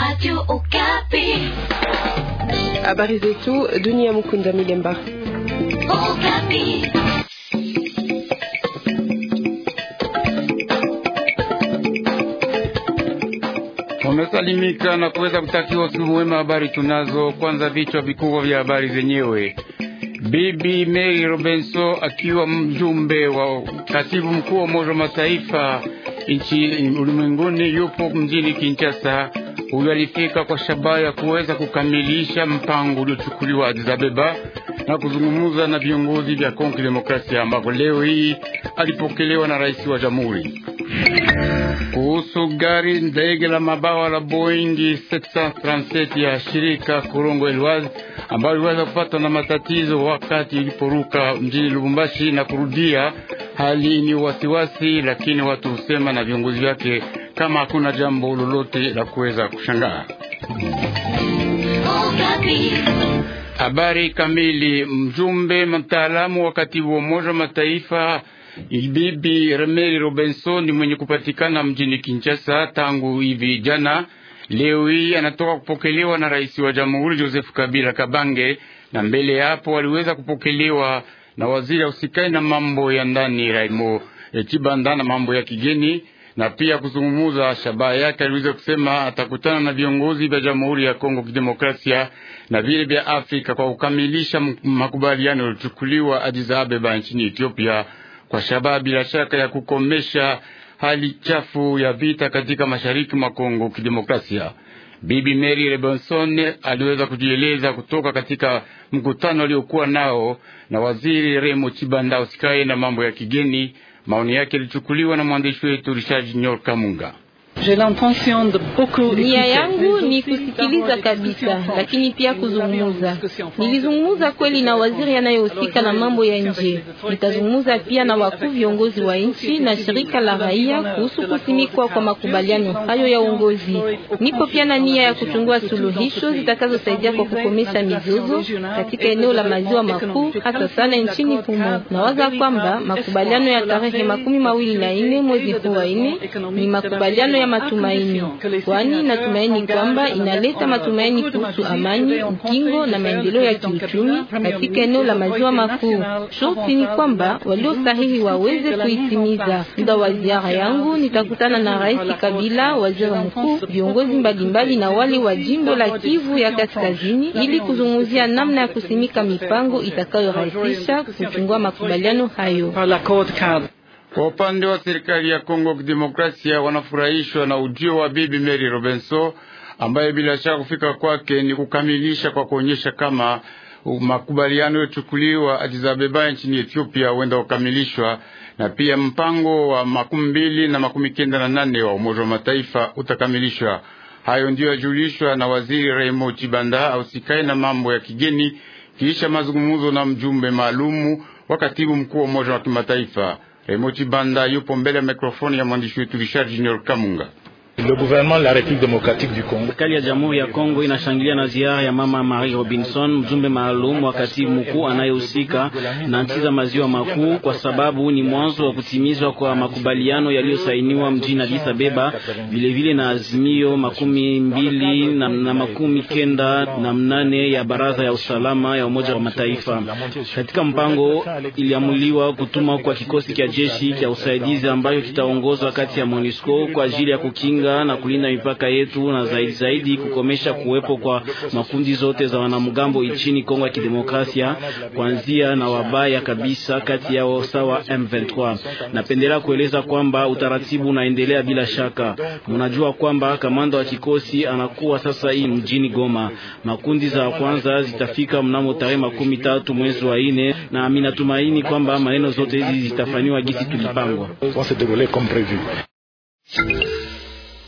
Radio Okapi. Habari zetu dunia mukunda milemba. Okapi. Umesalimika na kuweza kutakiwa usiku mwema. Habari tunazo kwanza, vichwa vikubwa vya habari zenyewe. Bibi Mary Robinson akiwa mjumbe wa katibu mkuu wa Umoja wa Mataifa nchi ulimwenguni yupo mjini Kinshasa huyo alifika kwa shabaha ya kuweza kukamilisha mpango uliochukuliwa Addis Ababa na kuzungumza na viongozi vya Kongo Demokrasia, ambako leo hii alipokelewa na rais wa jamhuri. Kuhusu gari ndege la mabawa la Boeing 737 ya shirika Korongo Airways ambayo iliweza kupatwa na matatizo wakati iliporuka mjini Lubumbashi na kurudia, hali ni wasiwasi, lakini watu husema na viongozi wake kama hakuna jambo lolote la kuweza kushangaa. Habari kamili. Mjumbe mtaalamu wakati wa Umoja wa Mataifa Bibi Remeli Robinson ni mwenye kupatikana mjini Kinshasa tangu hivi jana. Leo hii anatoka kupokelewa na rais wa jamhuri Joseph Kabila Kabange, na mbele ya hapo aliweza kupokelewa na waziri ausikani na mambo ya ndani Raimo Chibanda na mambo ya kigeni na pia kuzungumuza shabaha yake. Aliweza kusema atakutana na viongozi vya Jamhuri ya Kongo Kidemokrasia na vile vya Afrika kwa kukamilisha makubaliano yaliyochukuliwa Addis Ababa nchini Ethiopia kwa shabaha bila shaka ya kukomesha hali chafu ya vita katika mashariki mwa Kongo Kidemokrasia. Bibi Mary Robinson aliweza kujieleza kutoka katika mkutano aliokuwa nao na waziri Remo Chibanda na mambo ya kigeni Maoni yake yalichukuliwa na mwandishi wetu Richard Nyor Kamunga. Nia yangu ni kusikiliza kabisa, lakini pia kuzungumza. Nilizungumza kweli na waziri anayehusika na mambo ya nje. Nitazungumza pia na wakuu viongozi wa nchi na shirika la raia kuhusu kusimikwa kwa makubaliano hayo ya uongozi. Niko pia na nia ya kuchungua suluhisho zitakazosaidia kwa kukomesha mizozo katika eneo la maziwa makuu, hasa sana nchini humo. Nawaza kwamba makubaliano ya tarehe makumi mawili na ine mwezi huu wa ine ni makubaliano ya matumaini, kwani natumaini kwamba inaleta matumaini kuhusu amani, ukingo na maendeleo ya kiuchumi katika eneo la maziwa makuu. Sharti ni kwamba walio sahihi waweze kuitimiza. Muda wa ziara yangu nitakutana na Rais Kabila, waziri mkuu, viongozi mbalimbali na wali wa jimbo la Kivu ya Kaskazini ili kuzungumzia namna ya kusimika mipango itakayorahisisha kuchungua makubaliano hayo. Kwa upande wa serikali ya Kongo Kidemokrasia, wanafurahishwa na ujio wa Bibi Mary Robinson ambaye bila shaka kufika kwake ni kukamilisha kwa kuonyesha kama makubaliano yaliyochukuliwa Addis Ababa nchini Ethiopia huenda kukamilishwa na pia mpango wa makumi mbili na makumi kenda na nane wa Umoja wa Mataifa utakamilishwa. Hayo ndiyo yajulishwa na waziri raimo Chibanda ausikae na mambo ya kigeni kisha mazungumzo na mjumbe maalumu wa katibu mkuu wa Umoja wa Kimataifa. Emoti Banda yupo mbele ya mikrofoni ya mwandishi wetu Richard Junior Kamunga. Serikali ya Jamhuri ya Kongo inashangilia na ziara ya Mama Marie Robinson, mjumbe maalum wa katibu mkuu anayehusika na nchi za maziwa makuu, kwa sababu ni mwanzo wa kutimizwa kwa makubaliano yaliyosainiwa mjini Addis Abeba, vilevile na azimio makumi mbili na, na makumi kenda na mnane ya Baraza ya Usalama ya Umoja wa Mataifa. Katika mpango iliamuliwa kutuma kwa kikosi cha jeshi cha usaidizi ambayo kitaongozwa kati ya MONUSCO kwa ajili ya kukinga kuchunga na kulinda mipaka yetu na zaidi zaidi kukomesha kuwepo kwa makundi zote za wanamgambo nchini Kongo ya Kidemokrasia, kuanzia na wabaya kabisa kati yao sawa M23. Napendelea kueleza kwamba utaratibu unaendelea bila shaka. Mnajua kwamba kamanda wa kikosi anakuwa sasa hii mjini Goma. Makundi za kwanza zitafika mnamo tarehe makumi tatu mwezi wa ine na minatumaini kwamba maneno zote hizi zitafanywa gisi tulipangwa.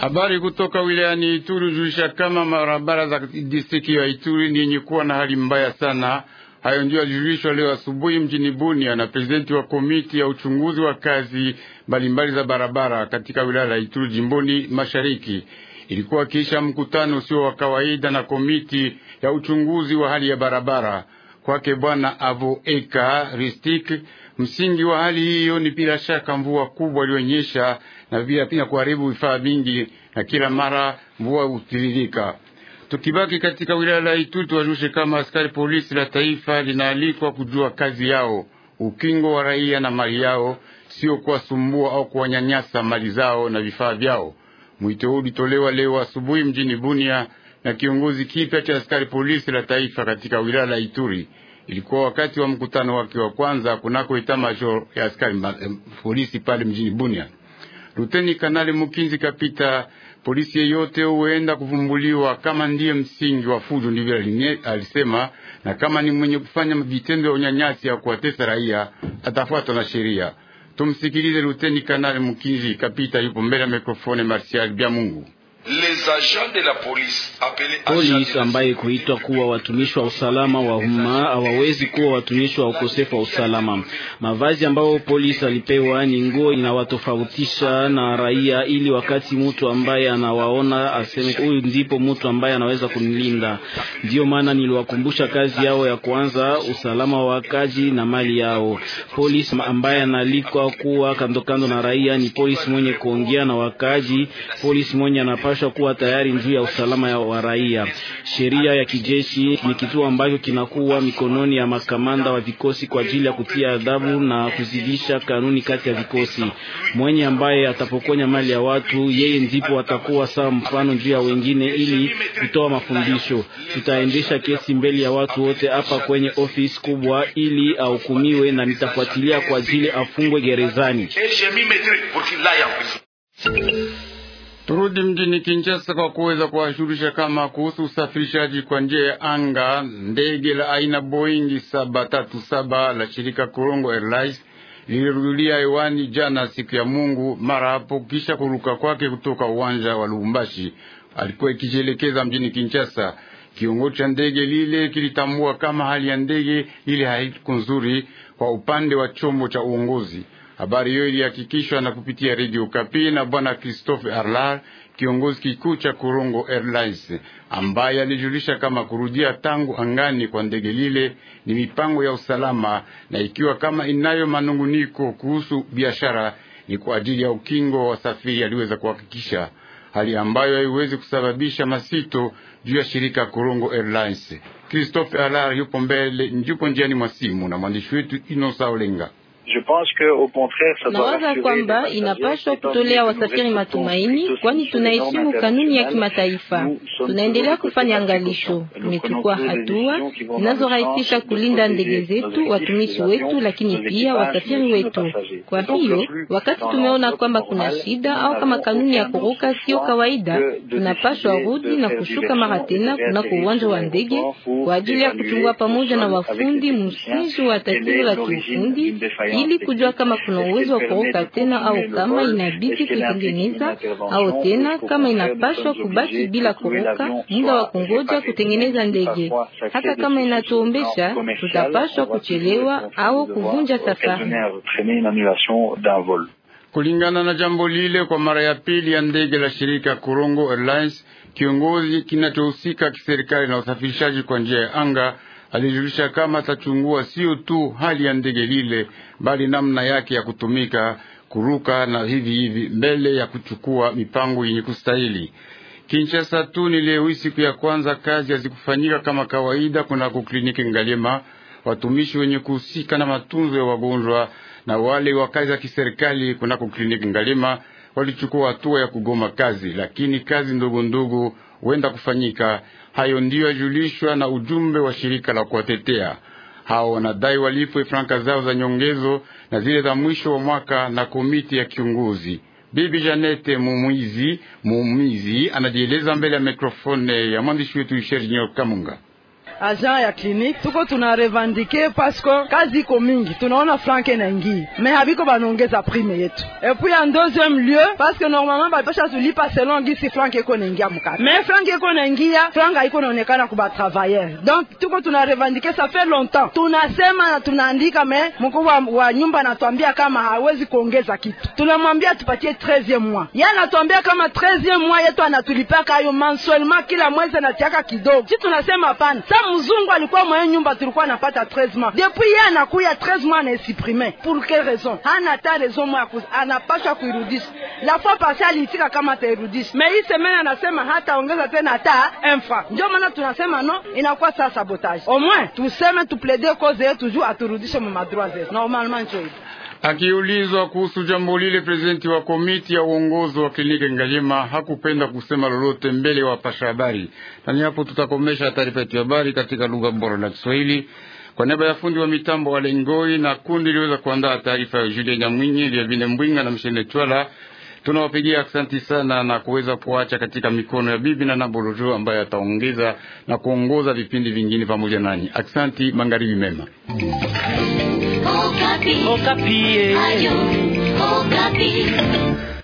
Habari kutoka wilayani Ituri hujulisha kama barabara za distrikti ya Ituri ni yenye kuwa na hali mbaya sana. Hayo ndio yalijulishwa leo asubuhi mjini Bunia na prezidenti wa komiti ya uchunguzi wa kazi mbalimbali za barabara katika wilaya la Ituri jimboni mashariki. Ilikuwa kisha mkutano usio wa kawaida na komiti ya uchunguzi wa hali ya barabara. Kwake Bwana Avoeka Ristik, Msingi wa hali hiyo ni bila shaka mvua kubwa iliyonyesha na bila pia kuharibu vifaa vingi, na kila mara mvua hutiririka. Tukibaki katika wilaya la Ituri, wajushe kama askari polisi la taifa linaalikwa kujua kazi yao, ukingo wa raia na mali yao, sio kuwasumbua au kuwanyanyasa mali zao na vifaa vyao. Mwito huu ulitolewa leo asubuhi mjini Bunia na kiongozi kipya cha askari polisi la taifa katika wilaya la Ituri. Ilikuwa wakati wa mkutano wake wa kwanza kunako itamajor ya askari eh, polisi pale mjini Bunia. Luteni Kanali Mukinzi Kapita, polisi yeyote huenda kuvumbuliwa kama ndiye msingi wa fujo, ndivyo alisema, na kama ni mwenye kufanya vitendo ya unyanyasi ya kuwatesa raia atafuatwa na sheria. Tumsikilize Luteni Kanali Mukinzi Kapita, yupo mbele ya mikrofoni Martial Bya Mungu. Polisi ambaye kuitwa kuwa watumishi wa usalama wa umma hawawezi kuwa watumishi wa ukosefu wa usalama. Mavazi ambayo polisi alipewa ni nguo inawatofautisha na raia, ili wakati mtu ambaye anawaona aseme huyu ndipo mtu ambaye anaweza kunilinda. Ndiyo maana niliwakumbusha kazi yao ya kwanza, usalama wa wakaji na mali yao. Polisi ambaye analikwa kuwa kandokando na raia ni polisi mwenye kuongea na wakaji, polisi mwenye anapashwa kuwa tayari juu ya usalama wa raia. Sheria ya kijeshi ni kituo ambacho kinakuwa mikononi ya makamanda wa vikosi kwa ajili ya kutia adhabu na kuzidisha kanuni kati ya vikosi. Mwenye ambaye atapokonya mali ya watu, yeye ndipo atakuwa sawa mfano juu ya wengine, ili kutoa mafundisho. Tutaendesha kesi mbele ya watu wote hapa kwenye ofisi kubwa, ili ahukumiwe na nitafuatilia kwa ajili afungwe gerezani turudi mjini Kinshasa kwa kuweza kuwashurisha kama kuhusu usafirishaji kwa njia ya anga ndege la aina Boeing 737 la shirika Korongo Airlines lilirudulia hewani jana siku ya Mungu mara hapo kisha kuruka kwake kutoka uwanja wa Lubumbashi alikuwa ikijielekeza mjini Kinshasa. Kiongozi cha ndege lile kilitambua kama hali ya ndege ile haiko nzuri kwa upande wa chombo cha uongozi Habari hiyo ilihakikishwa na kupitia redio Kapi na bwana Christophe Arlar, kiongozi kikuu cha Korongo Airlines, ambaye alijulisha kama kurudia tangu angani kwa ndege lile ni mipango ya usalama, na ikiwa kama inayo manunguniko kuhusu biashara, ni kwa ajili ya ukingo wa wasafiri, aliweza kuhakikisha hali ambayo haiwezi kusababisha masito juu ya shirika Korongo Airlines. Christophe Alar yupo mbele, yupo njiani mwa simu na mwandishi wetu Inosa Olenga. Nawaza kwamba inapaswa kutolea wasafiri matumaini, kwani tunaheshimu kanuni ya kimataifa. Tunaendelea kufanya angalisho, tumechukua hatua zinazorahisisha kulinda ndege zetu, watumishi wetu, lakini pia wasafiri wetu. Kwa hiyo wakati tumeona kwamba kuna shida au kama kanuni ya kuruka sio kawaida, tunapaswa rudi na kushuka mara tena kunako uwanja wa ndege kwa ajili ya kuchungua pamoja na wafundi msingi wa tatizo la kiufundi ili kujua kama kuna uwezo wa kuoka tena au kama inabidi kuitengeneza au tena kama inapashwa kubaki bila kuruka muda wa kungoja kutengeneza ndege. Hata kama inatuombesha, tutapashwa kuchelewa au kuvunja safari. Kulingana na jambo lile, kwa mara ya pili ya ndege la shirika Korongo Airlines, kiongozi kinachohusika kiserikali na usafirishaji kwa njia ya anga alijulisha kama atachungua sio tu hali ya ndege lile, bali namna yake ya kutumika kuruka na hivi hivi, mbele ya kuchukua mipango yenye kustahili. Kinshasa tu ni leo siku ya kwanza kazi hazikufanyika kama kawaida kunako kliniki Ngalema. Watumishi wenye kuhusika na matunzo ya wagonjwa na wale wa kazi za kiserikali kunako kliniki Ngalema walichukua hatua ya kugoma kazi, lakini kazi ndogo ndogo huenda kufanyika. Hayo ndiyo yajulishwa na ujumbe wa shirika la kuwatetea hao wanadai walipwe franka zao za nyongezo na zile za mwisho wa mwaka na komiti ya kiunguzi. Bibi Janete Mumwizi Mumizi anajieleza mbele ya mikrofone ya mwandishi wetu Isher kamunga agent ya kliniki tuko tuna revendike paske kazi iko mingi, tunaona franke na ingie me habiko banaongeza prime yetu epui ya deuxième lieu paske normalement bapesha tulipa selon gisi franke iko naingia mukati me franke iko naingia franke haiko naonekana ku batravailleur donc tuko tuna revendiquer ça fait longtemps tunasema na tunaandika me mkubwa wa nyumba anatuambia kama hawezi kuongeza kitu, tunamwambia tupatie 13e mois, ye anatuambia kama 13e mois yetu anatulipaka hayo mensuellement kila mwezi anatiaka kidogo, si tunasema hapana mzungu alikuwa mwenye nyumba tulikuwa anapata 13 mois, depuis yeye anakuya 13 mois anaesiprime. Pour quelle raison? hana ta raison moya, anapaswa kuirudisha. La fois passée aliitika kama atairudisha, mais hii semene anasema hataongeza tena ta enfa. Ndio maana tunasema no, inakuwa saa sabotage. Au moins tuseme tuplaide cause yetu juu aturudishe mumadroit zetu normalement njo hivi. Akiulizwa kuhusu jambo lile, prezidenti wa komiti ya uongozi wa kliniki Nganyema hakupenda kusema lolote mbele ya wapasha habari. Nani hapo tutakomesha taarifa yetu habari katika lugha bora la Kiswahili. Kwa niaba ya fundi wa mitambo wale Ngoi na kundi liweza kuandaa taarifa ya julie Nyamwinyi, Liavine Mbwinga na Mshene Twala, tunawapigia asanti sana na kuweza kuacha katika mikono ya bibi na nabolojo ambaye ataongeza na kuongoza vipindi vingine pamoja nanyi. Asanti, mangaribi mema. Okapi. Okapi. Eh. Okapi.